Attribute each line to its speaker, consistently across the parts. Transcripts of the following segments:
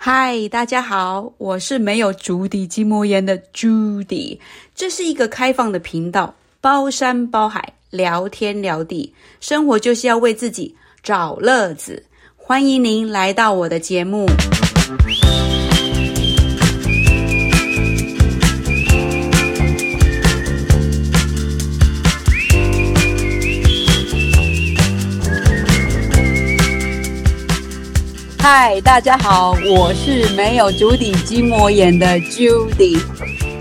Speaker 1: 嗨，Hi, 大家好，我是沒有足底筋膜炎的 Judy，這是一個開放的頻道，包山包海，聊天聊地，生活就是要為自己找樂子，歡迎您來到我的節目。嗨，Hi, 大家好，我是沒有足底筋膜炎的 Judy。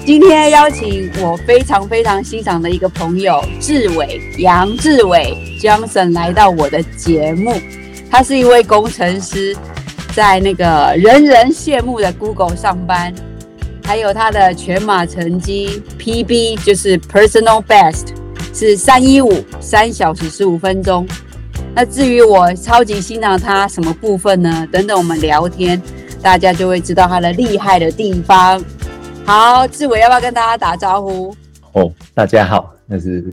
Speaker 1: 今天邀請我非常非常欣賞的一個朋友，志偉，楊志偉，Johnson，來到我的節目。他是一位工程師，在那個人人羨慕的 Google 上班。還有他的全馬成績 PB 就是 Personal Best 是三一五，三小時十五分鐘。那至於我超級欣賞他什麼部分呢？等等，我們聊天，大家就會知道他的厲害的地方。好，志偉要不要跟大家打招呼？
Speaker 2: 哦，大家好，那是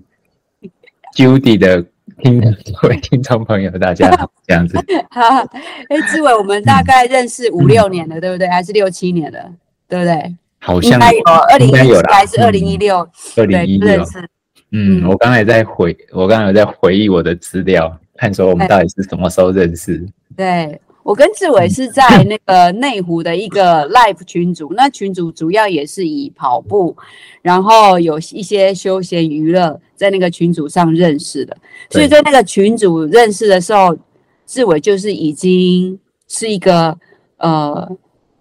Speaker 2: Judy 的聽各位 聽眾朋友，大家好， 這樣子。
Speaker 1: 好，哎、欸，志偉，我們大概認識五六、嗯、年了，對不對？還是六七年了，對不對？
Speaker 2: 好像有，有，應該有，還是二
Speaker 1: 零一六，二零一六，對，
Speaker 2: 嗯，我剛才在回，我剛才在回憶我的資料。看說，我們到底是什麼時候認識？對，
Speaker 1: 對我跟志偉是在那個內湖的一個 live 群組， 那群組主要也是以跑步，然後有一些休閒娛樂，在那個群組上認識的。所以在那個群組認識的時候，對志偉就是已經是一個呃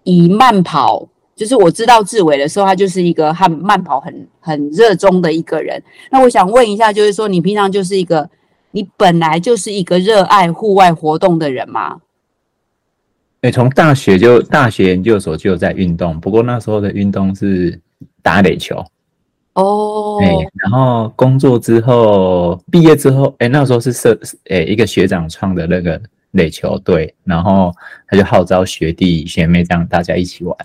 Speaker 1: 以慢跑，就是我知道志偉的時候，他就是一個很慢跑很很熱衷的一個人。那我想問一下，就是說你平常就是一個。你本來就是一個熱愛戶外活動的人嘛？
Speaker 2: 哎、欸，從大學就大學研究所就有在運動，不過那時候的運動是打壘球。
Speaker 1: 哦。哎，
Speaker 2: 然後工作之後畢業之後，哎、欸，那時候是社，哎、欸，一個學長創的那個壘球隊，然後他就號召學弟學妹這樣大家一起玩，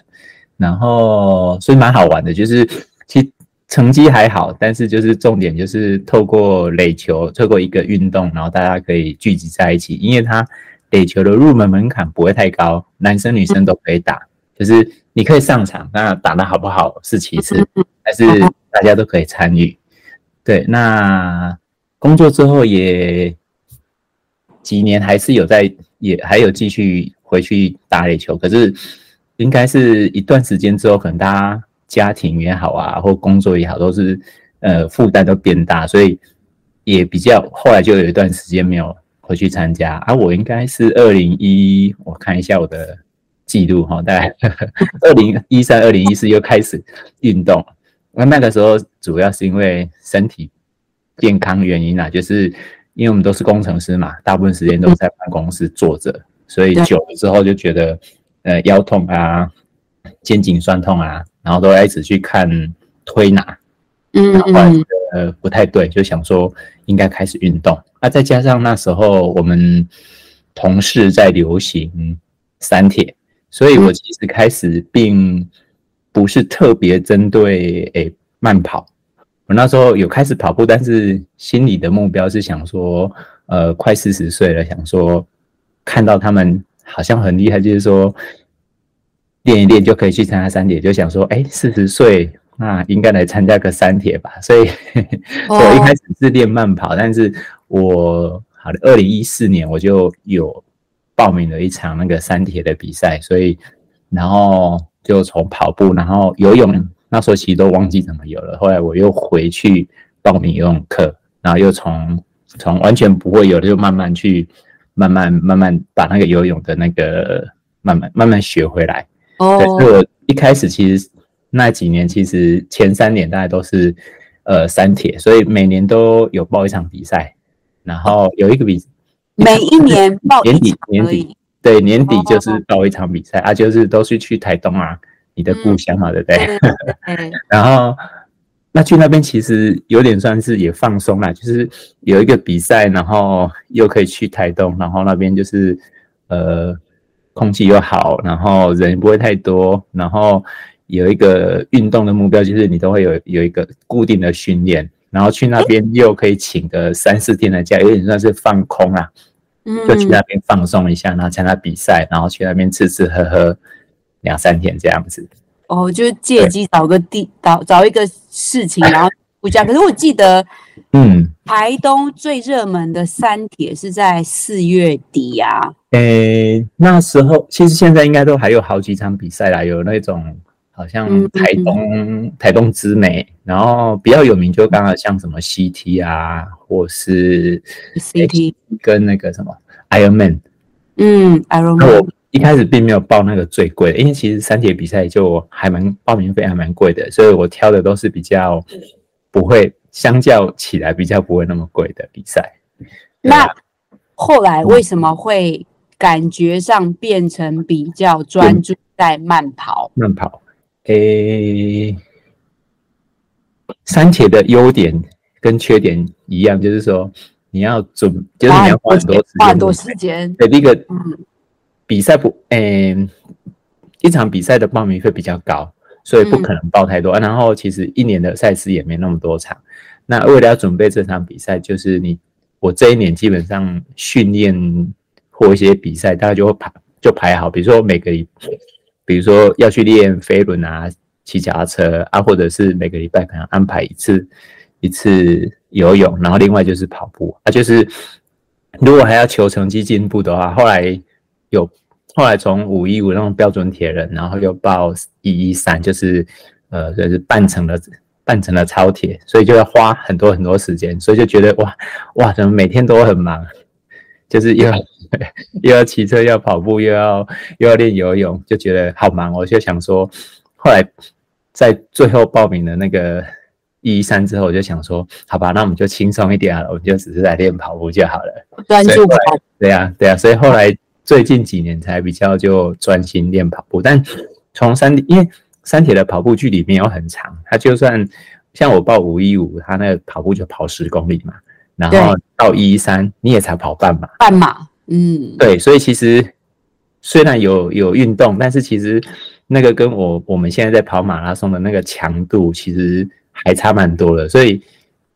Speaker 2: 然後所以蠻好玩的，就是其。成績還好，但是就是重點就是透過壘球，透過一個運動，然後大家可以聚集在一起，因為它壘球的入門門檻不會太高，男生女生都可以打，就是你可以上場，那打得好不好是其次，但是大家都可以參與。對，那工作之後也幾年還是有在，也還有繼續回去打壘球，可是應該是一段時間之後，可能大家。家庭也好啊，或工作也好，都是呃負擔都變大，所以也比較後來就有一段時間沒有回去參加啊。我應該是二零一一，我看一下我的記錄哈，大概二零一三、二零一四又開始運動。那那個時候主要是因為身體健康原因啦、啊，就是因為我們都是工程師嘛，大部分時間都在辦公室坐着，所以久了之後就覺得呃腰痛啊、肩頸酸痛啊。然後都一直去看推拿，嗯，然後，後覺得不太對，就想說應該開始運動。那、啊、再加上那時候我們同事在流行三鐵，所以我其實開始並不是特別針對誒慢跑。我那時候有開始跑步，但是心裡的目標是想說，呃，快四十歲了，想說看到他們好像很厲害，就是說。練一練就可以去參加三鐵，就想說，哎、欸，四十歲那應該來參加個三鐵吧。所以，嘿嘿、oh.，我一開始是練慢跑，但是我好的二零一四年我就有報名了一場那個三鐵的比賽。所以，然後就從跑步，然後游泳，那時候其實都忘記怎麼游了。後來我又回去報名游泳課，然後又從從完全不會游的，就慢慢去，慢慢慢慢把那個游泳的那個慢慢慢慢學回來。哦，對，所以我一開始其實那幾年，其實前三年大概都是呃三鐵，所以每年都有報一場比賽，然後有一個比每
Speaker 1: 一年報一場年底、年底、哦、
Speaker 2: 年底，對年底就是報一場比賽、哦、啊，就是都是去台東啊，嗯、你的故鄉好，對不對？然後那去那邊其實有點算是也放鬆啦，就是有一個比賽，然後又可以去台東，然後那邊就是呃。空氣又好，然後人不會太多，然後有一個運動的目標，就是你都會有有一個固定的訓練，然後去那邊又可以請個三四天的假，嗯、有點算是放空啊。
Speaker 1: 就去那邊
Speaker 2: 放鬆一下，然後參加比賽，然後去那邊吃吃喝喝兩三天這樣子。
Speaker 1: 哦，就是、借機找個地找對找一個事情，然後回家。啊、可是我記得。嗯，台東最熱門的三鐵是在四月底啊。
Speaker 2: 誒、欸，那時候其實現在應該都還有好幾場比賽啦，有那種好像台
Speaker 1: 東嗯嗯嗯台
Speaker 2: 東之美，然後比較有名就剛好像什麼 CT 啊，或是2 CT 跟那個什麼 Iron Man、嗯、Iron Man。嗯，Iron Man。那我一開始並沒有報那個最貴，嗯、因為其實三鐵比賽就還蠻報名費還蠻貴的，所以我挑的都是比較不會。相較起來比較不會那麼貴的比賽，
Speaker 1: 啊、那後來為什麼會感覺上變成比較專注在慢跑？嗯、
Speaker 2: 慢跑，誒、欸，三鐵的優點跟缺點一樣，就是說你要準，啊、就是你要花很多時間。很多時間對，一個比賽不嗯、欸，一場比賽的報名費比較高，所以不可能報太多。嗯啊、然後其實一年的賽事也沒那麼多場。那為了要準備這場比賽，就是你我這一年基本上訓練或一些比賽，大概就會排就排好，比如說每個禮拜，比如說要去練飛輪啊、騎腳踏車啊，或者是每個禮拜可能安排一次一次游泳，然後另外就是跑步啊，就是如果還要求成績進步的話，後來有後來從五一五那種標準鐵人，然後又報一一三，就是呃就是半程的。換成了超鐵，所以就要花很多很多時間，所以就覺得哇哇怎麼每天都很忙，就是又要又要騎車，又要跑步，又要又要練游泳，就覺得好忙。我就想說，後來在最後報名的那個113之後，我就想說，好吧，那我們就輕鬆一點、啊、我們就只是來練跑步就好了，專注的跑。對啊，對啊，所以後來最近幾年才比較就專心練跑步，但從三，因為。山鐵的跑步距離沒有很長，他就算像我報五一五，他那個跑步就跑十公里嘛，然後到一一三你也才跑半馬。半馬，嗯，對，所以其實雖然有有運動，但是其實那個跟我我們現在在跑馬拉松的那個強度其實還差蠻多的，所以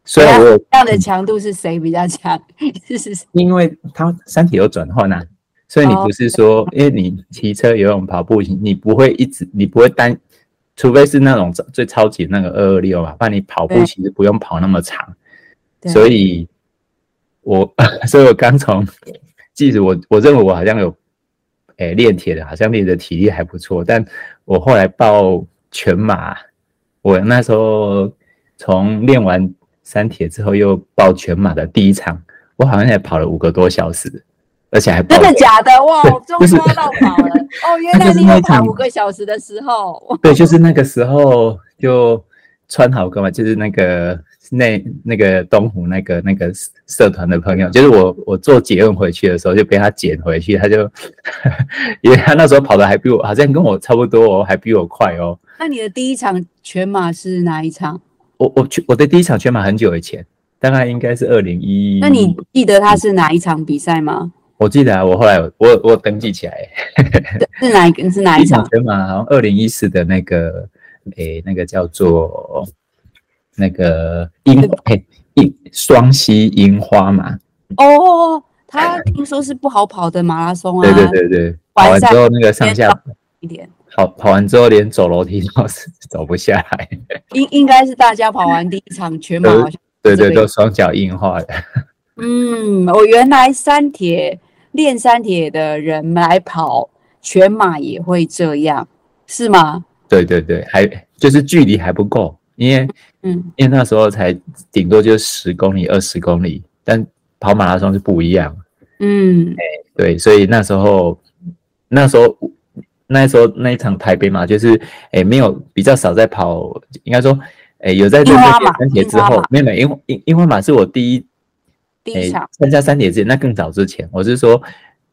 Speaker 1: 所以我、啊、這樣的強度是誰比較強？嗯、是是
Speaker 2: 因為他三鐵有轉換啊，所以你不是說、哦、因為你騎車、游泳、跑步，你不會一直，你不會單。除非是那種最超級那個二二六吧，不然你跑步其實不用跑那麼長。
Speaker 1: 對所以
Speaker 2: 我，我所以我剛從，記住我我認為我好像有，誒練鐵的，好像練的體力還不錯，但我後來報全馬，我那時候從練完三鐵之後又報全馬的第一場，我好像才跑了五個多小時。而且還真的假的哇！中、就是要
Speaker 1: 跑了 哦，原來是因為跑五個小時的
Speaker 2: 時候，對，就是那個時候就川豪哥嘛，就是那個那那個東湖那個那個社團的朋友，就是我我坐捷運回去的時候就被他撿回去，他就 因為他那時候跑的還比我好像跟我差不多哦，還比我快哦。那
Speaker 1: 你的第一場全馬是哪一場？我
Speaker 2: 我去我的第一場全馬很久以前，大概應該是二零一一。那你
Speaker 1: 記得他是哪一場比賽嗎？
Speaker 2: 我記得啊，我後來我我,我登記起來，是哪一個
Speaker 1: 是哪一場
Speaker 2: 全馬？好像二零一四的那個誒、欸，那個叫做那個櫻嘿櫻雙溪櫻花嘛。
Speaker 1: 哦，他聽說是不好跑的馬拉松啊。對對對
Speaker 2: 對。賽跑完之後那個上下一點，好，跑完之後連走樓梯都是走不下來。
Speaker 1: 應應該是大家跑完第一場 全馬，對,對對，都
Speaker 2: 雙腳硬化了。嗯，
Speaker 1: 我原來三鐵。練三鐵的人來跑全馬也會這樣，是嗎？
Speaker 2: 對對對，還就是距離還不夠，因為嗯，因為那時候才頂多就十公里、二十公里，但跑馬拉松就不一樣，嗯、欸，對，所以那時候那時候那時候那一場台北馬就是哎、欸、沒有比較少在跑，應該說哎、欸、有在練三鐵之後，妹妹，英英英皇馬是我第一哎，參、欸、上加三鐵之前，那更早之前，我是說，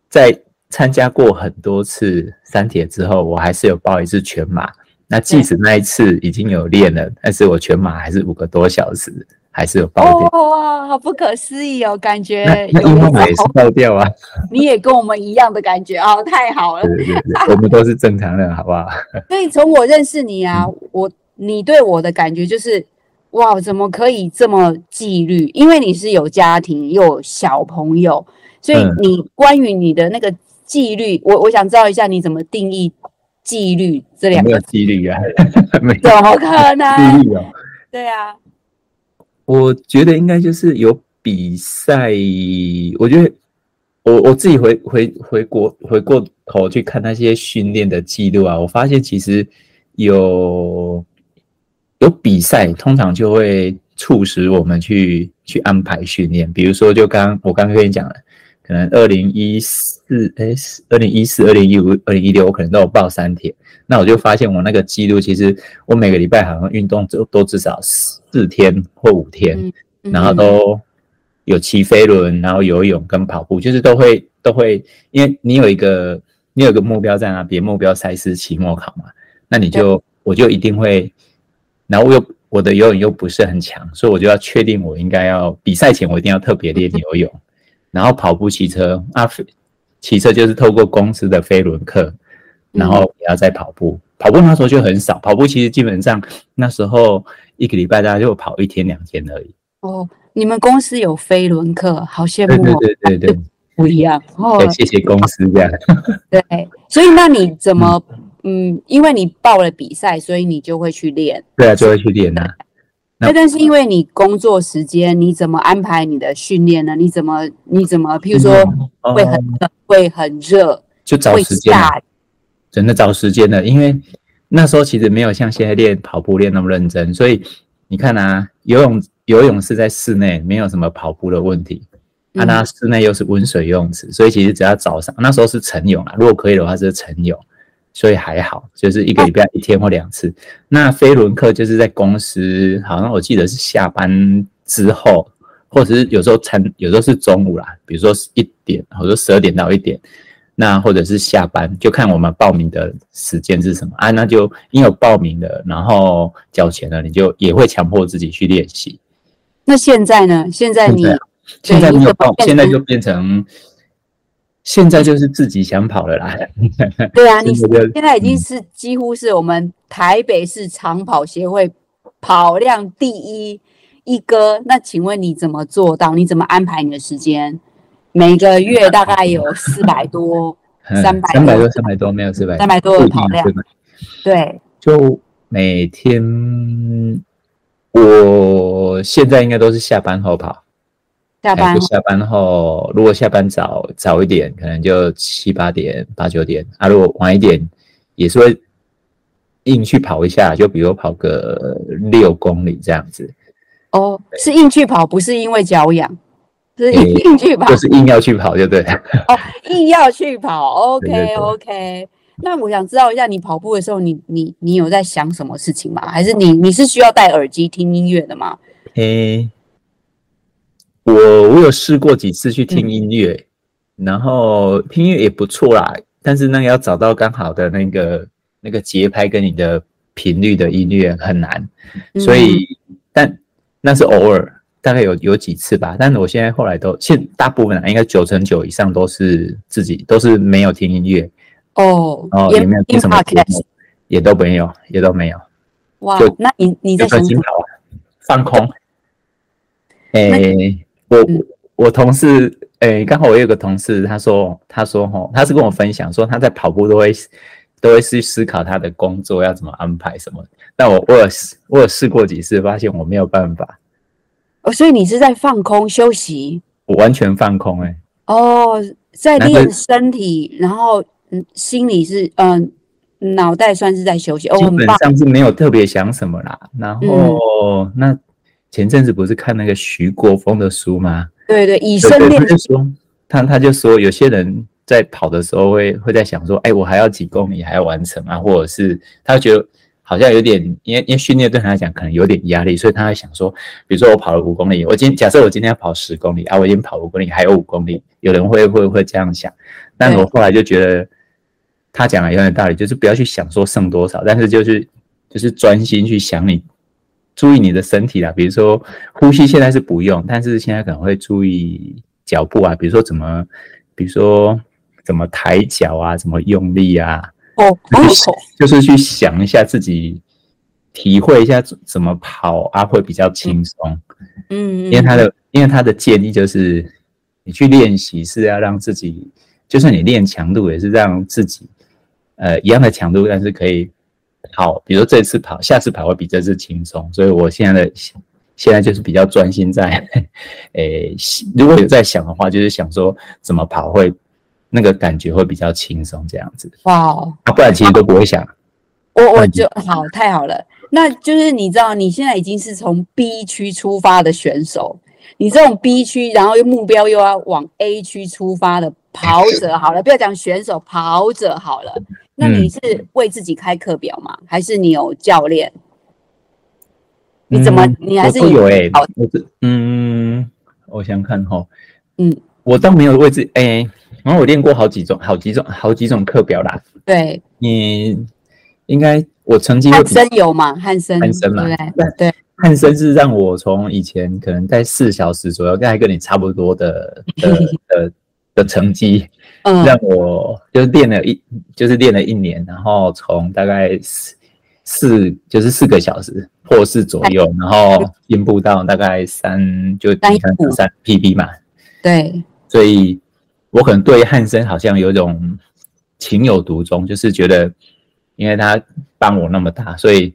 Speaker 2: 在參加過很多次三鐵之後，我還是有爆一次全馬。那即使那一次已經有練了，嗯、但是我全馬還是五個多小時，還是有爆掉。
Speaker 1: 哇、哦哦哦哦，好不可思議哦，感覺那有那也是爆掉啊。你也跟我們一樣的感覺哦，太好了 對對對，我們
Speaker 2: 都是正常人， 好不好？
Speaker 1: 所以從我認識你啊，嗯、我你對我的感覺就是。哇，怎麼可以這麼紀律？因為你是有家庭，有小朋友，所以你關於你的那個紀律，嗯、我我想知道一下你怎麼定義紀律這兩個？
Speaker 2: 沒有紀律啊？還沒有怎麼可能？紀律啊對啊，我覺得應該就是有比賽。我覺得我我自己回回回國回過頭去看那些訓練的記錄啊，我發現其實有。有比賽，通常就會促使我們去去安排訓練。比如說就，就剛我剛剛跟你講了，可能二零一四哎，二零一四、二零一五、二零一六，我可能都有報三天。那我就發現，我那個記錄其實，我每個禮拜好像運動都都至少四天或五天，嗯嗯、然後都有騎飛輪，然後游泳跟跑步，就是都會都會，因為你有一個你有個目標在那，別目標賽事期末考嘛，那你就對我就一定會。然後我又我的游泳又不是很強，所以我就要確定我應該要比賽前我一定要特別練游泳，嗯、然後跑步、騎車啊，騎車就是透過公司的飛輪課，然後也要再跑步。嗯、跑步那時候就很少，跑步其實基本上那時候一個禮拜大概就跑一天兩天而已。哦，
Speaker 1: 你們公司有飛輪課，好羨慕哦！嗯、對，對對對對，不一樣哦。謝
Speaker 2: 謝公司這樣。
Speaker 1: 對，所以那你怎麼、嗯？嗯，因為你報了比賽，所以你就會去練。
Speaker 2: 對啊，就會去練啊。
Speaker 1: 對那但是因為你工作時間，你怎麼安排你的訓練呢？你怎麼？你怎麼？譬如說，會很、嗯、會很熱，嗯、很熱就找時間。
Speaker 2: 真的找時間的，因為那時候其實沒有像現在練跑步練那麼認真，所以你看啊，游泳游泳是在室內，沒有什麼跑步的問題。
Speaker 1: 那它、嗯啊、
Speaker 2: 室內又是溫水游泳池，所以其實只要早上那時候是晨泳啊，如果可以的話是晨泳。所以還好，就是一個禮拜一天或兩次。啊、那飛輪課就是在公司，好像我記得是下班之後，或者是有時候餐，有時候是中午啦，比如說一點，或者十二點到一點，那或者是下班，就看我們報名的時間是什麼啊？那就因為有報名的，然後交錢了，你就也會強迫自己去練習。
Speaker 1: 那現在呢？現在你現在你有報名，的現在就
Speaker 2: 變成。現在就是自己想跑了啦。嗯、 對啊，你現在
Speaker 1: 已經是幾乎是我們台北市長跑協會跑量第一一哥。那請問你怎麼做到？你怎麼安排你的時間？每個月大概有四百多、三
Speaker 2: 百、三百多、三百多，沒有四百多、三百多、三百多的跑量。對，就每天，我現在應該都是下班後跑。下班下班後，如果下班早早一點，可能就七八點八九點啊。如果晚一點，也是會硬去跑一下，就比如跑個六公里這樣
Speaker 1: 子。哦，是硬去跑，不是因為腳癢，是硬硬去跑、欸，就是硬
Speaker 2: 要去跑，就對了。
Speaker 1: 哦，硬要去跑，OK OK。那我想知道一下，你跑步的時候你，你你你有在想什麼事情嗎？還是你你是需要戴耳機聽音樂的嗎？嘿。
Speaker 2: 欸我我有試過幾次去聽音樂，嗯、然後聽音樂也不錯啦，但是那個要找到剛好的那個那個節拍跟你的頻率的音樂很難，
Speaker 1: 所以、嗯、
Speaker 2: 哼但那是偶爾，大概有有幾次吧。但是，我現在後來都其實大部分、啊、應該九成九以上都是自己都是沒有聽音樂，哦哦，也
Speaker 1: 沒有聽什麼節目、
Speaker 2: 哦也也，也都沒有也都沒有哇，就那
Speaker 1: 你你在什麼
Speaker 2: 放空你誒？我我同事，誒、欸，剛好我有個同事，他說，他說，吼，他是跟我分享，說他在跑步都會，都會去思考他的工作要怎麼安排什麼。但我我有試，我有試過幾次，發現我沒有辦法。
Speaker 1: 哦，所以你是在放空休息？
Speaker 2: 我完全放空、欸，
Speaker 1: 哎。哦，在練身體，然後嗯，然後心裡是嗯，呃、腦袋算是在休息。基本上是
Speaker 2: 沒有特別想什麼啦。然後、嗯、那。前陣子不是看那個徐國峰的書嗎？對，
Speaker 1: 對對，以身的書
Speaker 2: 他他就說，就說有些人在跑的時候會會在想說，哎、欸，我還要幾公里還要完成啊？或者是他覺得好像有點，因為因為訓練對他來講可能有點壓力，所以他在想說，比如說我跑了五公里，我今天假設我今天要跑十公里啊，我已經跑五公里，還有五公里，有人會會會這樣想。但我後來就覺得對 他講的有點道理，就是不要去想說剩多少，但是就是就是專心去想你。注意你的身體啦，比如說呼吸現在是不用，但是現在可能會注意腳步啊，比如說怎麼，比如說怎麼抬腳啊，怎麼用力啊。
Speaker 1: 哦、oh, okay. 就是，就是去
Speaker 2: 想一下自己，體會一下怎麼跑啊會比較輕鬆。嗯、mm-hmm. 因為他的因為他的建議就是，你去練習是要讓自己，就算你練強度也是讓自己，呃一樣的強度，但是可以。好，比如說這次跑，下次跑會比這次輕鬆，所以我現在的現在就是比較專心在，誒、欸，如果有在想的話，就是想說怎麼跑會那個感覺會比較輕鬆這樣子。哇、哦，啊、不然其實都不會想。啊、
Speaker 1: 我我就好，太好了。 那就是你知道，你現在已經是從 B 區出發的選手，你這種 B 區，然後又目標又要往 A 區出發的跑者，好了，不要講選手，跑者好了。 那你是為自己開課表嗎？嗯、還是你有教練？你怎麼？嗯、你還是有哎？好，
Speaker 2: 我是嗯，我想看哈。
Speaker 1: 嗯，
Speaker 2: 我倒沒有為自己哎、欸。然後我練過好幾種，好幾種，好幾種課表啦。對，你應該我曾經漢森有
Speaker 1: 嗎？漢森，漢森嘛，對
Speaker 2: 對，漢森但對是讓我從以前可能在四小時左右，大概跟你差不多的的的的，的成績。 讓我就是練了一，嗯、就是練了一年，然後從大概四四就是四個小時破四左右，哎、然後進步到大概三就三三 PB 嘛。對，所以我可能對漢森好像有一種情有獨鍾，就是覺得因為他幫我那麼大，所以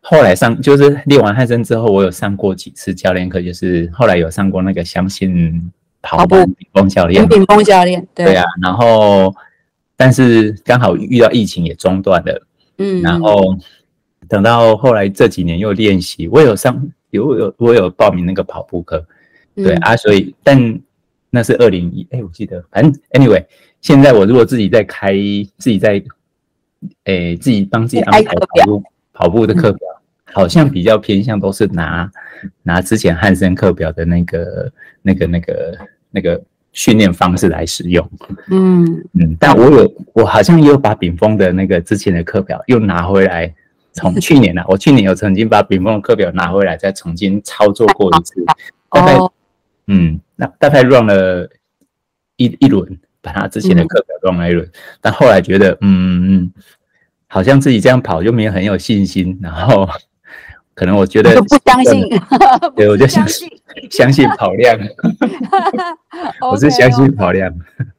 Speaker 2: 後來上就是練完漢森之後，我有上過幾次教練課，就是後來有上過那個相信。跑步，林炳峰教練。林炳峰
Speaker 1: 教練，對。對啊，
Speaker 2: 然後，但是剛好遇到疫情也中斷了。嗯。然後等到後來這幾年又練習，我有上，有我有我有報名那個跑步課。對、嗯、啊，所以但那是二零一，哎，我記得，反正 anyway，現在我如果自己在開，自己在，哎，自己幫自己安排跑步跑步的課表，嗯、好像比較偏向都是拿、嗯、拿之前漢森課表的那個那個那個。那個那個訓練方式來使用嗯，嗯嗯，但我有，我好像也有把炳峰的那個之前的課表又拿回來，從去年了、啊，我去年有曾經把炳峰的課表拿回來再重新操作過一次，大概，哦、嗯，那大概 run 了一一輪，把他之前的課表 run 了一輪，嗯、但後來覺得，嗯，好像自己這樣跑又沒有很有信心，然後。可能我覺得相我不相信，
Speaker 1: 對，我就相
Speaker 2: 信相信跑量，
Speaker 1: 我是相信
Speaker 2: 跑量，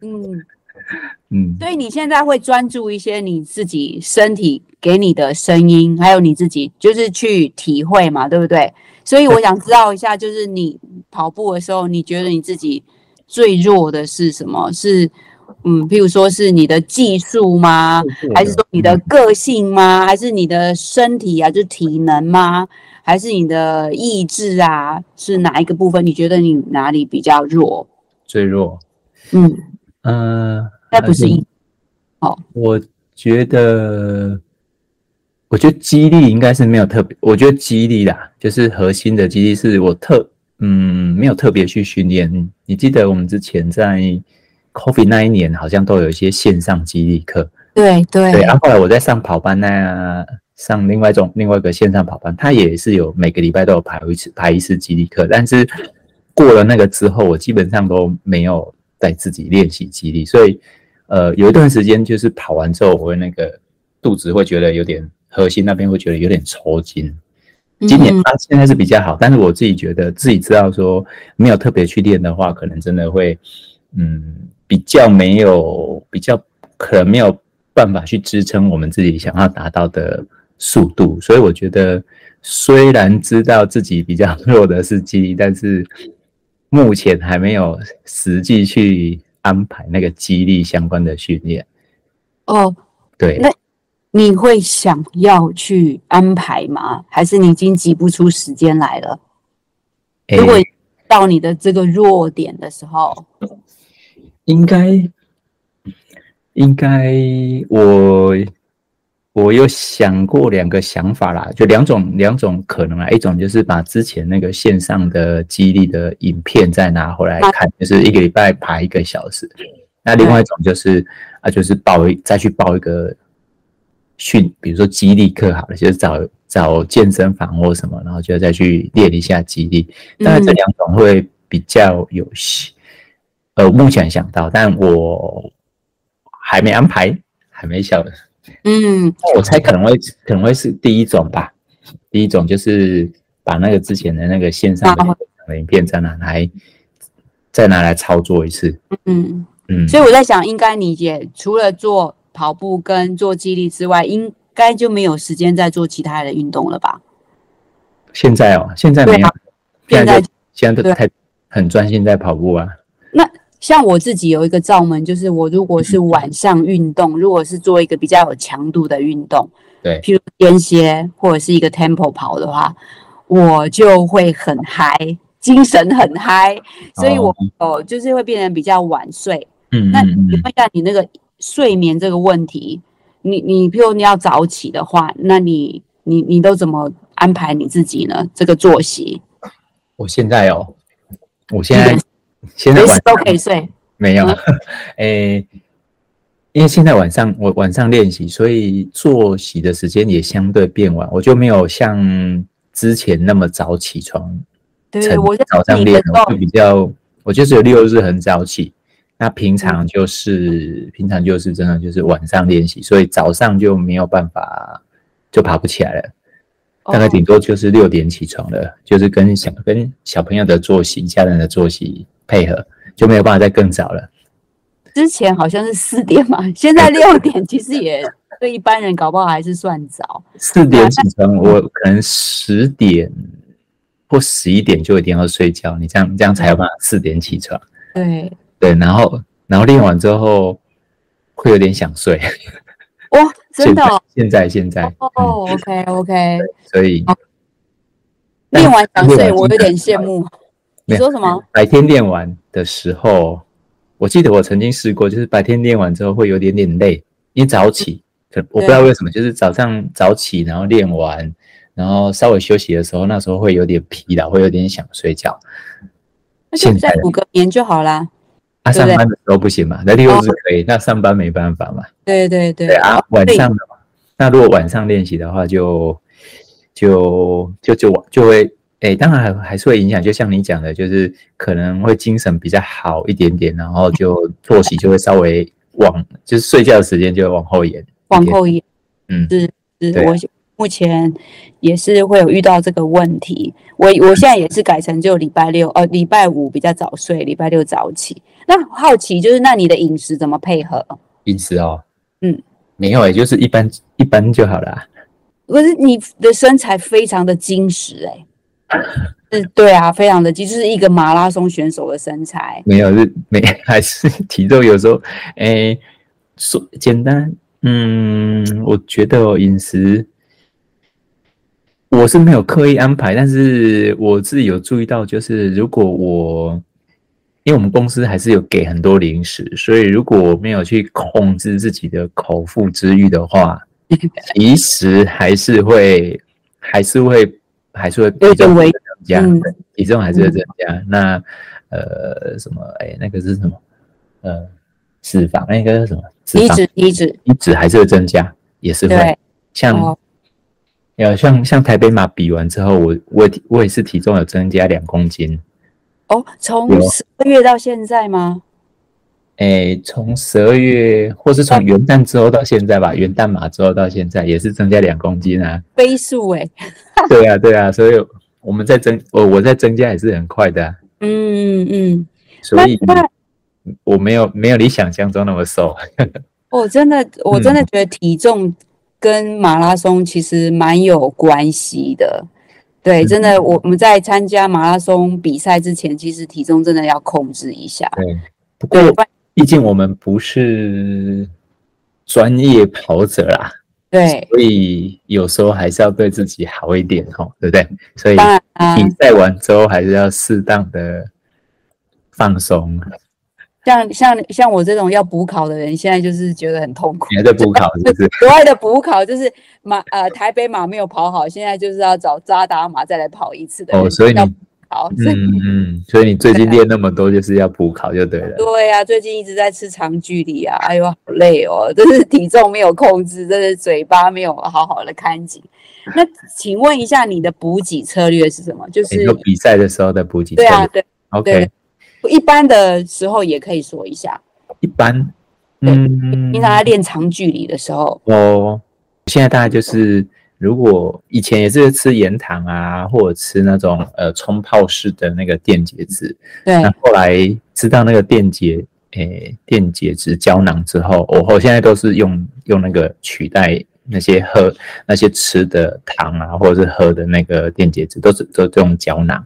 Speaker 2: 嗯 Okay, okay.
Speaker 1: 嗯，所以你現在會專注一些你自己身體給你的聲音，還有你自己就是去體會嘛，對不對？所以我想知道一下，就是你跑步的時候，你覺得你自己最弱的是什麼？是？嗯，譬如說是你的技術嗎？還是說你的個性嗎？還是你的身體啊？就是體能嗎？還是你的意志啊？是哪一個部分？你覺得你哪裡比較弱？
Speaker 2: 最弱？嗯，嗯呃，那不是一好。我覺得，我覺得肌力應該是沒有特別。我覺得肌力啦，就是核心的肌力，是我特嗯沒有特別去訓練。你記得我們之前在。COVID 那一年好像都有一些線上激勵課，
Speaker 1: 對對對。然後後來我
Speaker 2: 在上跑班那、啊、上另外一種另外一個線上跑班，它也是有每個禮拜都有排一次排一次肌力課。但是過了那個之後，我基本上都沒有再自己練習肌力，所以呃有一段時間就是跑完之後，我會那個肚子會覺得有點核心那邊會覺得有點抽筋。今年啊，現在是比較好，但是我自己覺得自己知道說沒有特別去練的話，可能真的會嗯。比較沒有，比較可能沒有辦法去支撐我們自己想要達到的速度，所以我覺得雖然知道自己比較弱的是肌力，但是目前還沒有實際去安排那個肌力相關的訓練。哦，對哦，那
Speaker 1: 你會想要去安排嗎？還是你已經擠不出時間來了？欸，如果到你的這個弱點的時候。
Speaker 2: 應該應該，我我有想過兩個想法啦，就兩種兩種可能啦。一種就是把之前那個線上的肌力的影片再拿回來看，唉就是一個禮拜排一個小時。唉那另外一種就是啊，就是報一再去報一個訓，比如說肌力課好了，就是找找健身房或什麼，然後就再去練一下肌力。當然，這兩種會比較有效。嗯呃，目前想到，但我還沒安排，還沒想。嗯，我猜可能會，可能會是第一種吧。第一種就是把那個之前的那個線上的後影片再拿來，再拿來操作一次。嗯嗯。嗯，所以我在
Speaker 1: 想，應該你也除了做跑步跟做肌力之外，應該就沒有時間再做其他的運動了吧？現
Speaker 2: 在哦，現在沒有，啊、現在現在，現在都太對很專心在跑步啊。
Speaker 1: 像我自己有一個罩門，就是我如果是晚上運動，嗯、如果是做一個比較有強度的運動，對，譬如間歇或者是一個 tempo 跑的話，我就會很嗨，精神很嗨，所以我哦、哦，就是會變得比較晚睡。
Speaker 2: 嗯、嗯、嗯、嗯，那
Speaker 1: 你問一下你那個睡眠這個問題，你你比如你要早起的話，那你你你都怎麼安排你自己呢？這個作息？
Speaker 2: 我現在哦，我現在。現在晚上
Speaker 1: 都
Speaker 2: 可以睡，沒有誒、啊嗯欸，因為現在晚上我晚上練習，所以作息的時間也相對變晚，我就沒有像之前那麼早起床。
Speaker 1: 對，我早上練的話就
Speaker 2: 比較，我就是有六日很早起，那平常就是，嗯、平常就是真的就是晚上練習，所以早上就沒有辦法就爬不起來了。大概頂多就是六點起床了，oh. 就是跟小跟小朋友的作息、家人的作息配合，就沒有辦法再更早了。
Speaker 1: 之前好像是四點嘛，現在六點其實也對一般人搞不好還是算早。四 點起床，我
Speaker 2: 可能十點或十一點就一定要睡覺，你這樣這樣才有辦法四點起床。
Speaker 1: 對
Speaker 2: 對，然後然後練完之後會有點想睡。
Speaker 1: 哇。Oh. 真的、
Speaker 2: 哦現，現在現在哦，OK OK，所以
Speaker 1: 練、哦、但完想睡，我有點羨慕。你說什麼？
Speaker 2: 白天練完的時候，我記得我曾經試過，就是白天練完之後會有點點累。你早起，可對我不知道為什麼，就是早上早起，然後練完，然後稍微休息的時候，那時候會有點疲勞，會有點想睡覺。那
Speaker 1: 現在補個眠就好啦。他、啊、上班的
Speaker 2: 時候不行嘛，那六日是可以。Oh. 那上班沒辦法嘛。
Speaker 1: 對對對。對啊，對晚上的
Speaker 2: 嘛。那如果晚上練習的話就，就就就就就會，哎，當然還還是會影響。就像你講的，就是可能會精神比較好一點點，然後就作息就會稍微往，就是睡覺的時間就會往後延。
Speaker 1: 往後延。天嗯，是是、啊，我。目前也是會有遇到這個問題，我我現在也是改成就禮拜六，呃，禮拜五比較早睡，禮拜六早起。那好奇就是，那你的飲食怎麼配合？飲食哦，嗯，
Speaker 2: 沒有、欸，也就是一般一般就好了。
Speaker 1: 可是你的身材非常的精實、欸，哎， 對啊，非常的精實，就是一個馬拉松選手的身材。
Speaker 2: 沒有，是沒，還是體重有時候，哎、欸，說簡單，嗯，我覺得喔、飲食。我是沒有刻意安排，但是我自己有注意到，就是如果我，因為我們公司還是有給很多零食，所以如果我沒有去控制自己的口腹之欲的話， 其實還是會還是會還是會體重增加，體重還是會增加。那呃什麼？哎、欸，那個是什麼？呃，脂肪，那個是什麼？脂肪，一直、一直、一直還是會增加，也是會對像。有，像像台北馬比完之後我，我我我也是體重有增加兩公斤
Speaker 1: 哦，從十二月到現在嗎？
Speaker 2: 哎，從十二月或是從元旦之後到現在吧，元旦馬之後到現在也是增加兩公斤啊，
Speaker 1: 倍數數哎、欸！
Speaker 2: 對啊，對啊，所以我們在增我我在增加也是很快的、啊嗯，嗯嗯
Speaker 1: 嗯，
Speaker 2: 所以我沒有沒有你想象中那麼瘦、 哦，
Speaker 1: 我真的我真的覺得體重、嗯。跟馬拉松其實蠻有關係的，對，真的，我們在參加馬拉松比賽之前，其實體重真的要控制一下。
Speaker 2: 對，不過對，畢竟我們不是專業跑者啦，對，所以有時候還是要對自己好一點哦，對不對？所以嗯，比賽完之後，還是要適當的放鬆。
Speaker 1: 像像像我這種要補考的人，現在就是覺得很痛苦。
Speaker 2: 你還在補考是不是？
Speaker 1: 所謂的補考就是馬呃台北馬沒有跑好，現在就是要找渣打馬再來跑一次的。哦，所以你好，要
Speaker 2: 嗯嗯，所以你最近練那麼多就是要補考就對了。對
Speaker 1: 啊，對啊，最近一直在吃長距離啊，哎呦好累哦，就是體重沒有控制，真的是嘴巴沒有好好的看緊。那請問一下你的補給策略是什麼？就是、哎那個、
Speaker 2: 比賽的時候的補給策略。對啊，對，OK。
Speaker 1: 一般的時候也可以說一下。
Speaker 2: 一般，嗯，平常
Speaker 1: 在練長距離的時候。
Speaker 2: 哦，現在大概就是，如果以前也是吃鹽糖啊，或者吃那種呃沖泡式的那個電解質。對。那後來知道那個電解，誒、呃，電解質膠囊之後，我我現在都是用用那個取代那些喝那些吃的糖啊，或者是喝的那個電解質，都是都都用膠囊，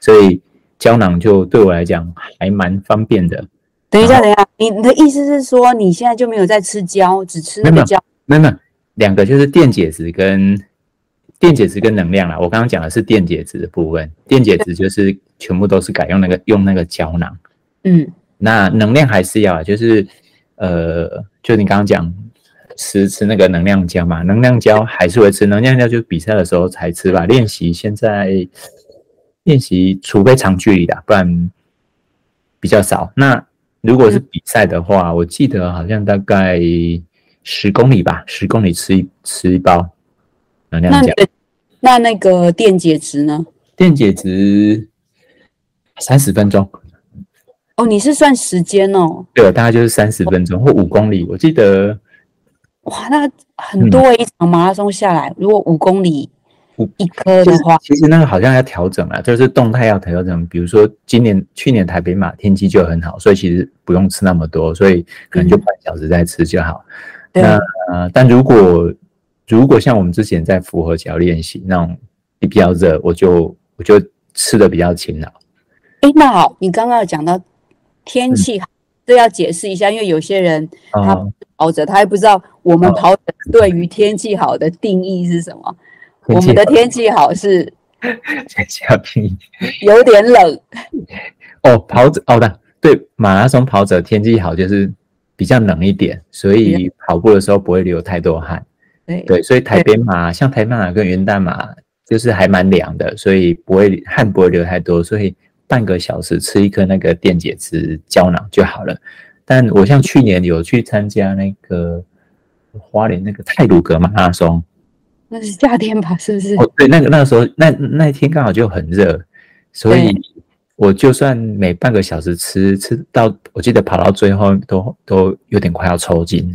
Speaker 2: 所以。膠囊就對我來講還蠻方便的。
Speaker 1: 等一下，後等一下，你的意思是說你現在就沒有在吃膠，只吃那個膠？
Speaker 2: 沒有，沒有，兩個就是電解質跟電解質跟能量啦。我剛剛講的是電解質的部分，電解質就是全部都是改用那個對用那個膠囊。嗯，那能量還是要，就是呃，就你剛剛講吃吃那個能量膠嘛，能量膠還是會吃，能量膠就比賽的時候才吃吧，練習現在。練習除非長距離的，不然比較少。那如果是比賽的話，嗯、我記得好像大概十公里吧，十公里吃一吃一包能量
Speaker 1: 膠。那那個電解質呢？
Speaker 2: 電解質三十分鐘。
Speaker 1: 哦，你是算時間哦？
Speaker 2: 對，大概就是三十分鐘或五公里。我記得，
Speaker 1: 哇，那很多、嗯、一場馬拉松下來，如果五公里。一顆的
Speaker 2: 話。其實那個好像要調整了，就是動態要調整。比如說今年，去年台北馬天氣就很好，所以其實不用吃那麼多，所以可能就半小時再吃就好。那、呃、但如果如果像我們之前在福和橋練習那種比較熱，我就我就吃的比較勤勞。
Speaker 1: 欸、那好，你剛剛有講到天氣，這、嗯、要解釋一下，因為有些人他跑者，哦、他還不知道我們跑者對於天氣好的定義是什麼？我們的天氣好是有點冷。
Speaker 2: 哦，跑者哦的對，馬拉松跑者天氣好就是比較冷一點，所以跑步的時候不會流太多汗。哎、呀對，對，所以台邊馬、哎、像台中馬跟元旦馬就是還蠻涼的，所以不會汗不會流太多，所以半個小時吃一顆那個電解質膠囊就好了。但我像去年有去參加那個花蓮那個泰魯格馬拉松。
Speaker 1: 那是夏天吧，是不
Speaker 2: 是？哦，對，那個那個時候，那那一天剛好就很熱，所以我就算每半個小時吃吃到，我記得跑到最後都都有點快要抽筋，啊、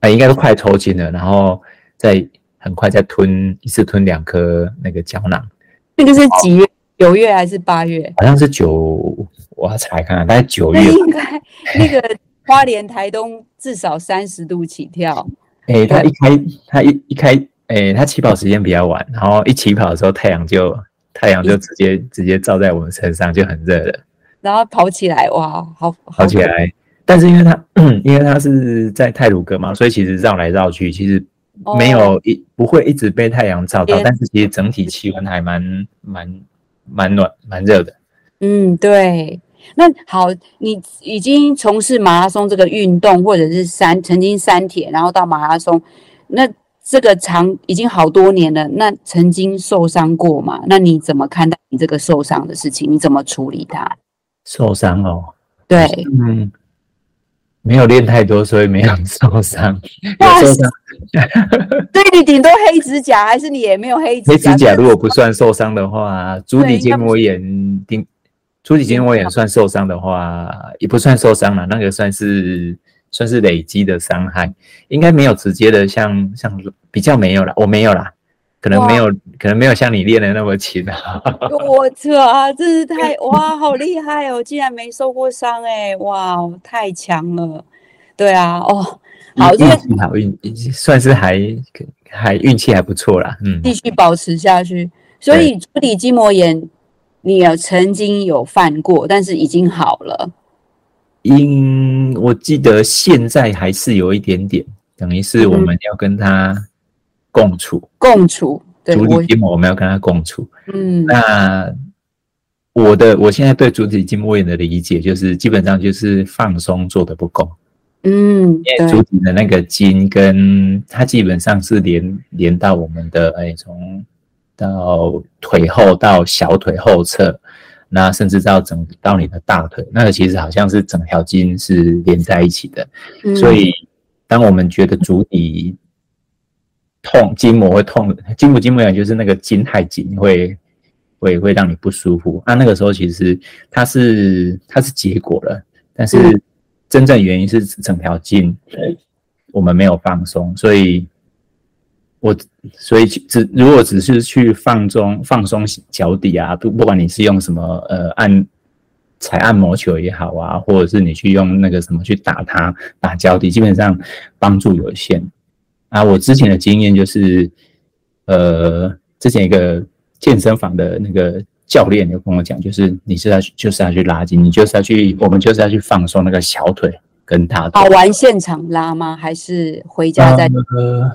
Speaker 2: 哎，應該都快抽筋了，然後再很快再吞一次吞兩顆那個膠囊。
Speaker 1: 那個是幾月？九月還是八月？
Speaker 2: 好像是九，我要查看看，大概九月。那應該、哎，
Speaker 1: 那個花蓮台東至少三十度起跳。
Speaker 2: 誒、哎，它一開，它一一開。誒，它、欸、起跑時間比較晚，然後一起跑的時候太，太陽就太陽就直接直接照在我們身上，就很熱了。
Speaker 1: 然後跑起來哇，好好
Speaker 2: 跑起來。但是因為它因為它是在太魯閣嘛，所以其實繞來繞去，其實沒有、哦、一不會一直被太陽照到，天但是其實整體氣溫還蠻蠻蠻暖蠻熱的。
Speaker 1: 嗯，對。那好，你已經從事馬拉松這個運動，或者是三曾經三鐵，然後到馬拉松，那。這個長已經好多年了，那曾經受傷過嘛？那你怎麼看待你這個受傷的事情？你怎麼處理它？
Speaker 2: 受傷哦，對，嗯，沒有練太多，所以沒有受傷。
Speaker 1: 那是受傷對你頂多黑指甲， 還是你也沒有黑指甲？黑指甲
Speaker 2: 如果不算受傷的話，足底筋膜炎，頂足底筋膜炎算受傷的話，啊、也不算受傷了、啊，那個算是。算是累積的傷害，應該沒有直接的像，像像比較沒有啦，我、哦、沒有啦，可能沒有，哇可能沒有像你練的那麼勤啊。
Speaker 1: 我操，真是太哇，好厲害哦， 竟然沒受過傷哎、欸，哇，太強了。對啊，哦，好，今天運
Speaker 2: 氣好，算是還還運氣還不錯啦。嗯，
Speaker 1: 繼續保持下去。所以足底筋膜炎，你有曾經有犯過，但是已經好了。
Speaker 2: 因我記得現在還是有一點點，等於是我們要跟他共處。共
Speaker 1: 處、嗯，對，
Speaker 2: 因為我們要跟他共處。嗯，那我的我現在對足底筋膜炎的理解，就是基本上就是放鬆做得不夠。嗯，
Speaker 1: 對。足
Speaker 2: 底的那個筋跟對它基本上是連連到我們的哎，從、欸、到腿後到小腿後側。那甚至到整到你的大腿，那個其實好像是整條筋是連在一起的，嗯、所以當我們覺得足底痛，筋膜會痛，筋膜筋膜炎，就是那個筋太緊，會會會讓你不舒服。那、啊、那個時候其實它是它是結果了，但是真正原因是整條筋我們沒有放鬆，所以。我所以只如果只是去放鬆放鬆腳底啊，不不管你是用什麼呃按踩按摩球也好啊，或者是你去用那個什麼去打它打腳底，基本上幫助有限啊。我之前的經驗就是，呃，之前一個健身房的那個教練就跟我講，就是你就是要去就是要去拉筋，你就是要去我們就是要去放鬆那個小腿跟大腿。跑完
Speaker 1: 現場拉嗎？還是回家再？啊呃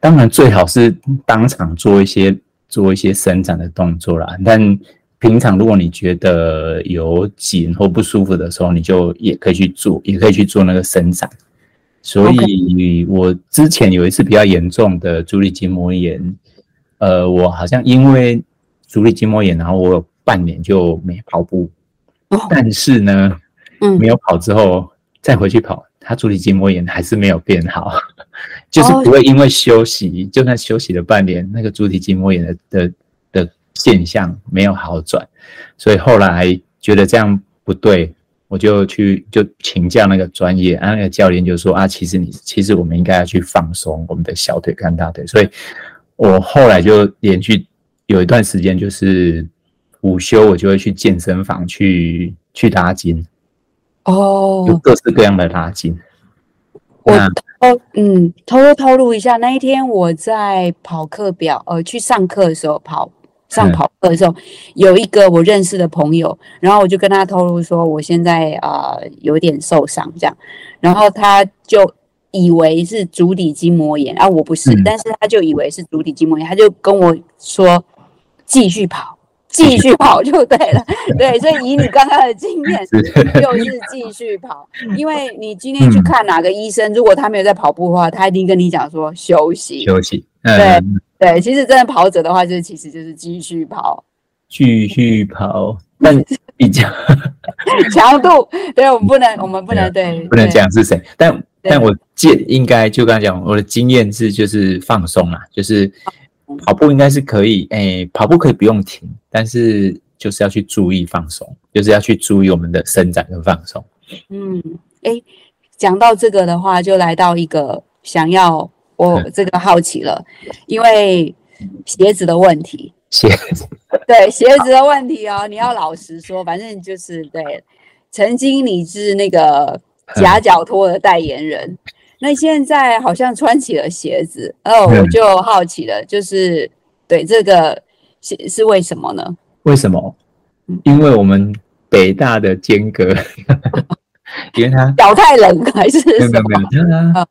Speaker 2: 當然，最好是當場做一些做一些伸展的動作啦，但平常如果你覺得有緊或不舒服的時候，你就也可以去做，也可以去做那個伸展。所以我之前有一次比較嚴重的足底筋膜炎，呃，我好像因為足底筋膜炎，然後我有半年就沒跑步。哦，但是呢，嗯，沒有跑之後再回去跑，他足底筋膜炎還是沒有變好。
Speaker 1: 就是不會因為
Speaker 2: 休息，oh. 就算休息了半年，那個足底筋膜炎的的的現象沒有好轉，所以後來覺得這樣不對，我就去就請教那個專業，啊，那個教練就說啊，其實你其實我們應該要去放鬆我們的小腿跟大腿，所以我後來就連續有一段時間就是午休我就會去健身房去去拉筋，
Speaker 1: 哦，
Speaker 2: 有各式各樣的拉筋
Speaker 1: ，oh. 那。Oh. 哦，嗯，偷偷透露一下，那一天我在跑課表，呃，去上課的時候跑，上跑課的時候，嗯、有一個我認識的朋友，然後我就跟他透露說，我現在呃有點受傷這樣，然後他就以為是足底筋膜炎，啊，我不是，嗯、但是他就以為是足底筋膜炎，他就跟我說繼續跑。繼續跑就對了， 對，所以以你剛剛的經驗，就是繼續跑，因為你今天去看哪個醫生，如果他沒有在跑步的話，他一定跟你講說休息，嗯，休息。對對，其實真的跑者，的話，就是其實就是繼續跑，
Speaker 2: 繼續跑，但一講，
Speaker 1: 嗯嗯、強度，對，我們不能，我們不能，們不能對，不能
Speaker 2: 講是誰，但但我經應該就剛講我的經驗是就是放鬆啊，就是。跑步應該是可以，哎、欸，跑步可以不用停，但是就是要去注意放鬆，就是要去注意我們的伸展跟放鬆。
Speaker 1: 嗯，哎、欸，講到這個的話，就來到一個想要我這個好奇了，嗯、因為鞋子的問題，鞋子，對鞋子的問題哦，好你要老實說，反正就是對，曾經你是那個夾腳拖的代言人。嗯那現在好像穿起了鞋子，哦，我就好奇了，嗯、就是對這個是為什麼呢？
Speaker 2: 為什麼？因為我們北大的間隔，因為他腳太冷還是什麼？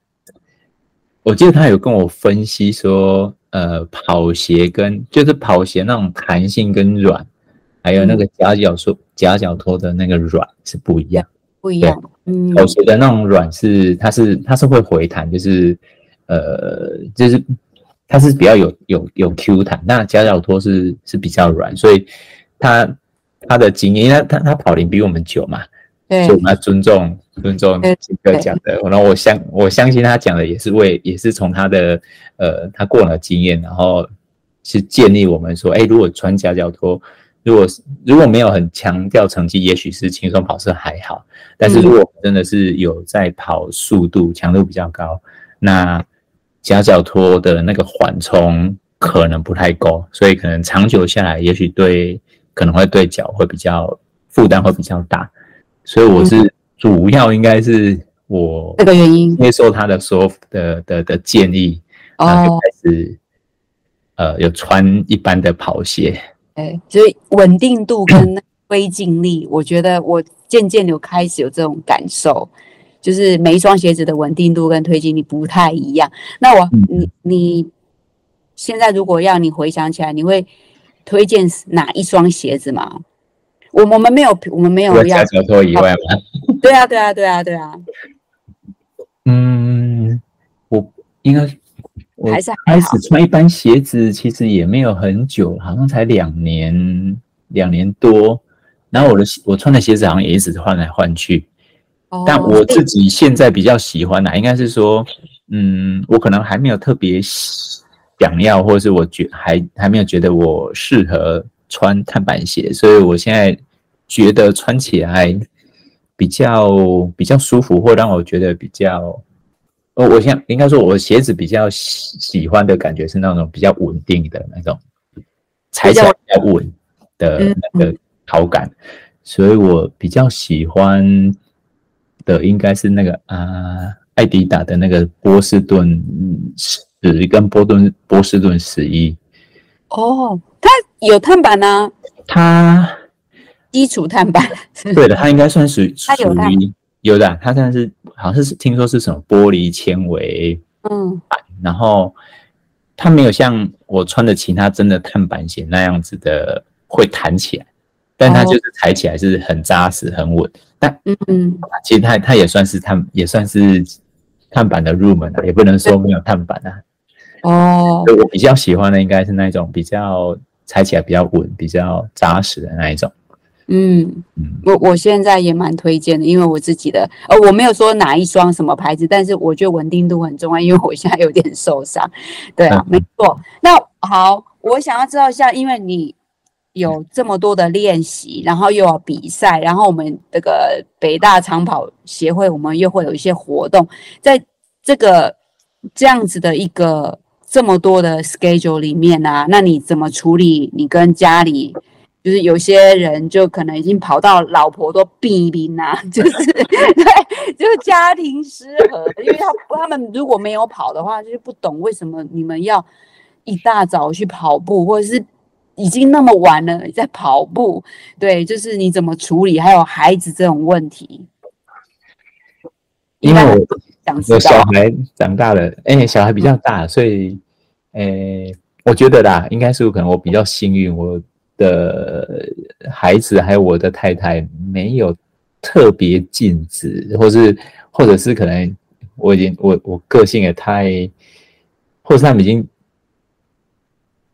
Speaker 2: 我記得他有跟我分析說，呃，跑鞋跟就是跑鞋那種彈性跟軟，還有那個夾腳、夾腳拖的那個軟是不一樣的。
Speaker 1: 不一樣對，嗯，我覺得
Speaker 2: 那種軟是，它是它是會回彈，就是，呃，就是它是比較有有有 Q 彈，那夾腳拖是是比較軟，所以他他的經驗，他他跑齡比我們久嘛，
Speaker 1: 對，所以我們
Speaker 2: 要尊重尊重傑克講的，然後我相我相信他講的也是為也是從他的呃他過往的經驗，然後去建立我們說，哎，如果穿夾腳拖。如果如果沒有很強調成績，也許是輕鬆跑是還好。但是如果真的是有在跑速度強度比較高，那夾腳拖的那個緩衝可能不太夠，所以可能長久下來也，也許對可能會對腳會比較負擔會比較大。所以我是主要應該是我這個原因接受他的說、soft、的的的建議，
Speaker 1: 然後就
Speaker 2: 開始、oh. 呃有穿一般的跑鞋。
Speaker 1: 對、欸，所以穩定度跟推進力， 我覺得我漸漸有開始有這種感受，就是每一雙鞋子的穩定度跟推進力不太一樣。那我、嗯、你你現在如果要你回想起來，你會推薦哪一雙鞋子嗎？我們我們沒有我們沒有亞
Speaker 2: 喬以外
Speaker 1: 嗎？對啊對啊對啊對啊。嗯，我應該
Speaker 2: 是。還還開始穿一般鞋子，其實也沒有很久，好像才兩年、兩年多。然後我的我穿的鞋子好像也一直換來換去。Oh, 但我自己現在比較喜歡的、啊、應該是說，嗯，我可能還沒有特別想要，或者是我覺還還沒有覺得我適合穿碳板鞋，所以我現在覺得穿起來比較比較舒服，或讓我覺得比較。哦，我想應該說，我鞋子比較喜歡的感覺是那種比較穩定的那種，踩起來比較穩的那個好感，所以我比較喜歡的應該是那個啊，艾迪達的那個波士頓十跟波頓波士頓十一。
Speaker 1: 哦，它有碳板呢、啊，它基礎碳板， 對的，它
Speaker 2: 應該算是它有碳。有的、啊，它現在是好像是聽說是什麼玻璃纖維，嗯，然後它沒有像我穿的其他真的碳板鞋那樣子的會彈起來，
Speaker 1: 但它就
Speaker 2: 是踩起來是很扎實很穩。哦，但
Speaker 1: 嗯，其實它它
Speaker 2: 也算是碳也算是碳板的入門了、啊，也不能說沒有碳板啊。
Speaker 1: 哦，
Speaker 2: 我比較喜歡的應該是那種比較踩起來比較穩、比較扎實的那一種。
Speaker 1: 嗯，我我現在也蠻推薦的，因為我自己的，呃，我沒有說哪一雙什麼牌子，但是我覺得穩定度很重要，因為我現在有點受傷，對啊，嗯、沒錯。那好，我想要知道一下，因為你有這麼多的練習，然後又要比賽，然後我們這個北大長跑協會，我們又會有一些活動，在這個這樣子的一個這麼多的 schedule 裡面呢，啊，那你怎麼處理？你跟家裡？就是有些人就可能已經跑到老婆都逼逼吶，就是，對，就是家庭失和。因為他他們如果沒有跑的話，就是不懂為什麼你們要一大早去跑步，或者是已經那麼晚了在跑步。對，就是你怎麼處理，還有孩子這種問題。
Speaker 2: 因為我
Speaker 1: 想知道我小孩
Speaker 2: 長大了，哎、欸，小孩比較大，嗯、所以，哎、欸，我覺得啦，應該是有可能我比較幸運，我。的孩子還有我的太太沒有特別禁止，或是或者是可能我已經我我個性也太，或者他們已經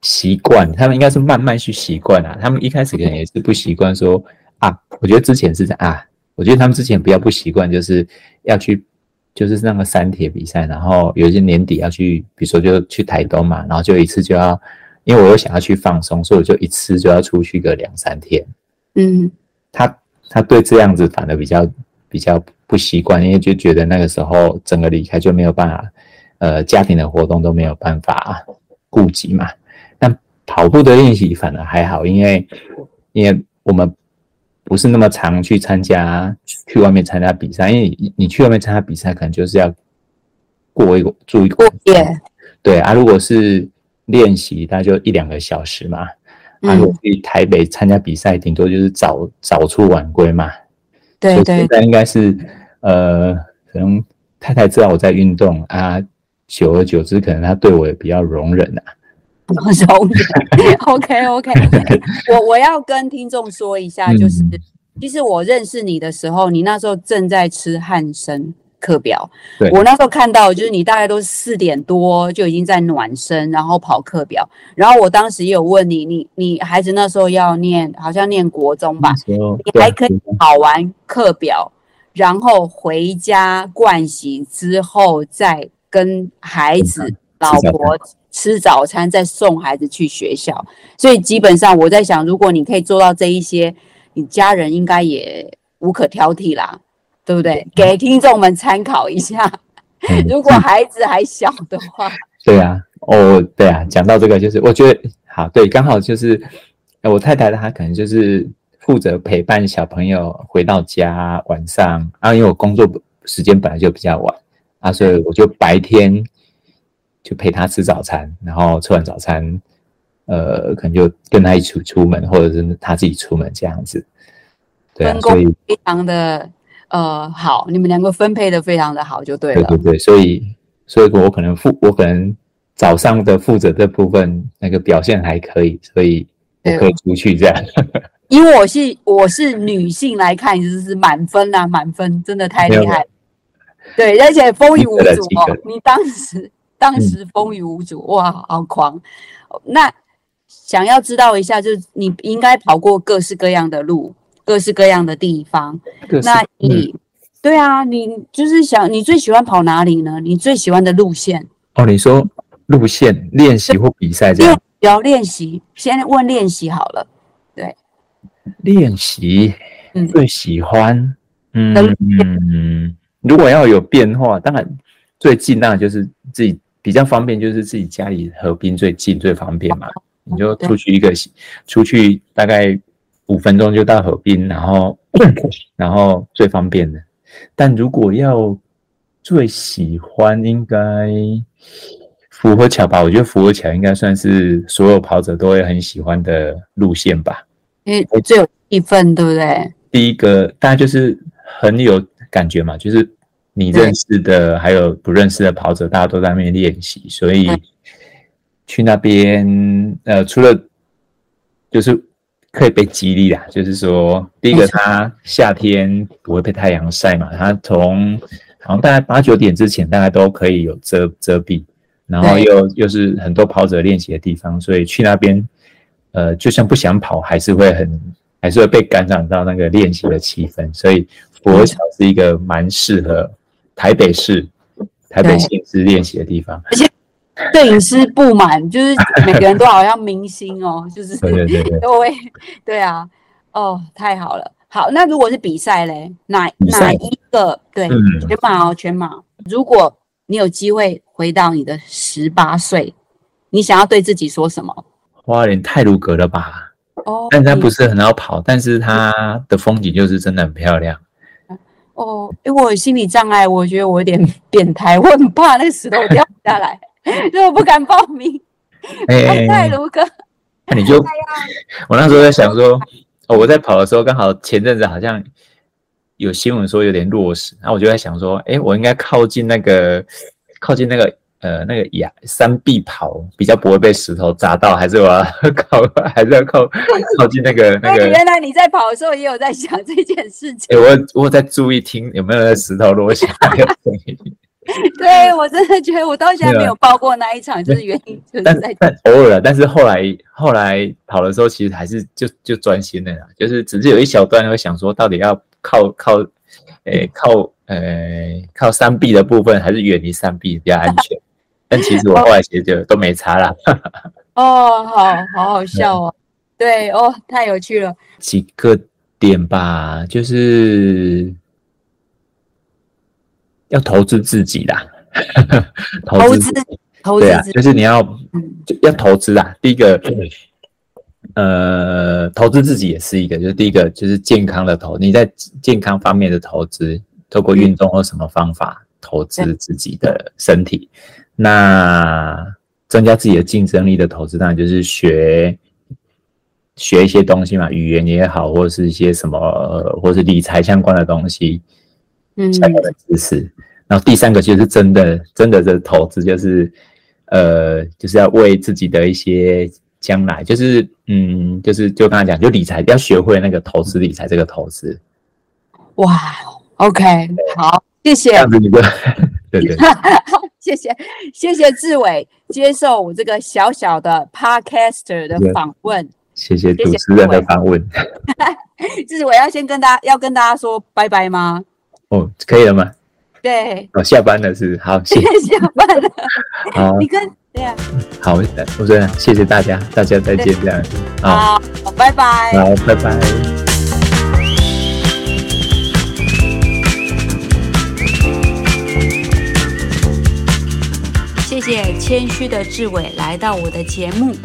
Speaker 2: 習慣，他們應該是慢慢去習慣啦。他們一開始可能也是不習慣，說啊，我覺得之前是在啊，我覺得他們之前比較不習慣，就是要去就是那個三鐵比賽，然後有一些年底要去，比如說就去台東嘛，然後就一次就要。因為我又想要去放鬆，所以我就一次就要出去個兩三天。嗯，他他對這樣子反而比較比較不習慣，因為就覺得那個時候整個離開就沒有辦法，呃，家庭的活動都沒有辦法顧及嘛。但跑步的練習反而還好，因為因為我們不是那麼常去參加去外面參加比賽，因為你，你去外面參加比賽可能就是要過一個住一個夜。過夜。對啊，如果是。練習，練習大概就一兩個小時嘛。那、嗯啊、我去台北參加比賽，頂多就是早早出晚歸嘛。對，對對，但應該是呃，可能太太知道我在運動啊，久而久之，可能她對我也比較容忍啊。
Speaker 1: 容忍 ，OK OK 我。我我要跟聽眾說一下，就是、嗯、其實我認識你的時候，你那時候正在吃漢森，課表，對我那時候看到就是你大概都四點多就已經在暖身，然後跑課表，然後我當時也有問你，你你孩子那時候要念好像念國中吧，你，說你還可以跑完課表，然後回家盥洗之後再跟孩子、嗯、老婆吃早餐，再送孩子去學校。嗯、所以基本上我在想，如果你可以做到這一些，你家人應該也無可挑剔啦，對不對？給聽眾們參考一下。嗯、如果孩子還小的話、嗯，
Speaker 2: 對啊，哦，對啊，講到這個就是，我覺得好對，剛好就是我太太她可能就是負責陪伴小朋友回到家晚上啊，因為我工作時間本來就比較晚啊，所以我就白天就陪他吃早餐，然後吃完早餐，呃，可能就跟他一起出門，或者是他自己出門這樣子。對啊、所以分工非
Speaker 1: 常的。呃，好，你們兩個分配的非常的好，就對了。對對
Speaker 2: 對，所以，所以我可能負，我可能早上的負責這部分那個表現還可以，所以我可以出去這樣。
Speaker 1: 哦、因為我是我是女性來看就是滿分啊，滿分真的太厲害。沒有。對，而且風雨無阻哦。你當時當時風雨無阻，哇，好狂。嗯、那想要知道一下，就是你應該跑過各式各樣的路。各式各樣的地方，各式各樣的地方，那你、嗯、對啊，你就是想你最喜歡跑哪裡呢？你最喜歡的路線。
Speaker 2: 哦，你說路線練習或比賽這樣？
Speaker 1: 因為要練習，先問練習好了。對，
Speaker 2: 練習，嗯，最喜歡，嗯，嗯，嗯，如果要有變化，當然最近那就是自己比較方便，就是自己家裡河邊最近最方便嘛，你就出去一個，對出去大概。五分鐘就到河邊，然後然後最方便的。但如果要最喜歡，應該福和橋吧？我覺得福和橋應該算是所有跑者都會很喜歡的路線吧。
Speaker 1: 因為最有一份，對不對？
Speaker 2: 第一個，大家就是很有感覺嘛，就是你認識的還有不認識的跑者，大家都在那邊練習，所以去那邊呃，除了就是。可以被激勵啦，就是說，第一個，它夏天不會被太陽曬嘛，它從好像大概八九點之前，大概都可以有遮遮蔽，然後又對又是很多跑者練習的地方，所以去那邊，呃，就算不想跑，還是會很還是會被感染到那個練習的氣氛，所以佛橋是一個蠻適合台北市台北薪資練習的地方。
Speaker 1: 攝影師不滿，就是每個人都好像明星哦，就是對對對對都會，對啊，哦，太好了，好，那如果是比賽嘞，哪賽哪一個對、嗯、全馬哦全馬，如果你有機會回到你的十八歲，你想要對自己說什麼？
Speaker 2: 哇，你太如格了吧？哦，但它不是很好跑，嗯、但是它的風景就是真的很漂亮。
Speaker 1: 哦，因為我有心理障礙，我覺得我有點變態，我很怕那石頭掉下來。 所以我不敢報名，哎、
Speaker 2: 欸欸欸欸，泰如哥，那、啊、你就，我那時候在想說，哦、我在跑的時候，剛好前陣子好像有新聞說有點落石。那我就在想說，哎、欸，我應該靠近那個，靠近那個，呃，那個崖山壁跑，比較不會被石頭砸到，還是我要靠，還是要靠靠近那個那個？原來你在跑的時候也有在想這件事情。欸、我我在注意聽有沒有在石頭落下。
Speaker 1: 對我真的覺得，我到現在沒有報過那一場，啊、就是原
Speaker 2: 因存在但，但偶爾了。但是後來後來跑的時候，其實還是就就專心了啦，就是只是有一小段會想說，到底要靠靠，誒、欸、靠誒、欸、靠山壁、欸、的部分，還是遠離山壁比較安全？ 但其實我後來其實都沒差啦。
Speaker 1: 哦，好好好笑哦、啊，對，對哦，太有趣了。
Speaker 2: 幾個點吧，就是。要投資自己啦、
Speaker 1: 啊， 投資，對、啊，就是你
Speaker 2: 要要投資啊。第一個，呃，投資自己也是一個，就是第一個就是健康的投，你在健康方面的投資，透過運動或什麼方法投資自己的身體，那增加自己的競爭力的投資，當然就是學學一些東西嘛，語言也好，或者是一些什麼，或是理財相關的東西。嗯，相關知識。然後第三個就是真的真的是投資，就是呃，就是要為自己的一些將來，就是嗯，就是就剛才講，就理財，要學會那個投資理財這個投資。
Speaker 1: 哇，OK，好，謝謝。這樣子你就 對對對 謝謝。謝謝謝謝志偉接受我這個小小的 Podcaster 的訪問。謝謝主持人的訪問。謝謝 志偉要先跟大家要跟大家說拜拜嗎？哦，可以了嗎？對，
Speaker 2: 我、哦、下班了是好，謝謝
Speaker 1: 下班了。好，你跟對呀、
Speaker 2: 啊。好，我這樣，謝謝大家，大家再見，啊，好，
Speaker 1: 拜拜，好，拜拜。謝謝謙虛的志偉來到我的節目。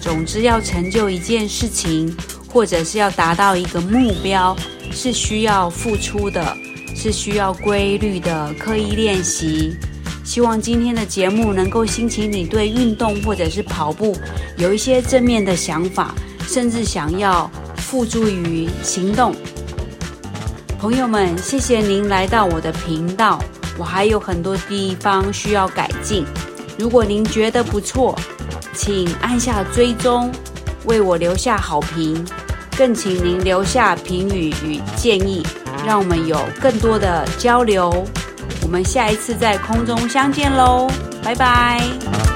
Speaker 1: 總之，要成就一件事情，或者是要達到一個目標，是需要付出的。是需要規律的刻意練習。希望今天的節目能夠興起你對運動或者是跑步有一些正面的想法，甚至想要付諸於行動。朋友們，謝謝您來到我的頻道，我還有很多地方需要改進。如果您覺得不錯，請按下追蹤，為我留下好評，更請您留下評語與建議。讓我們有更多的交流，我們下一次在空中相見嘍，拜拜。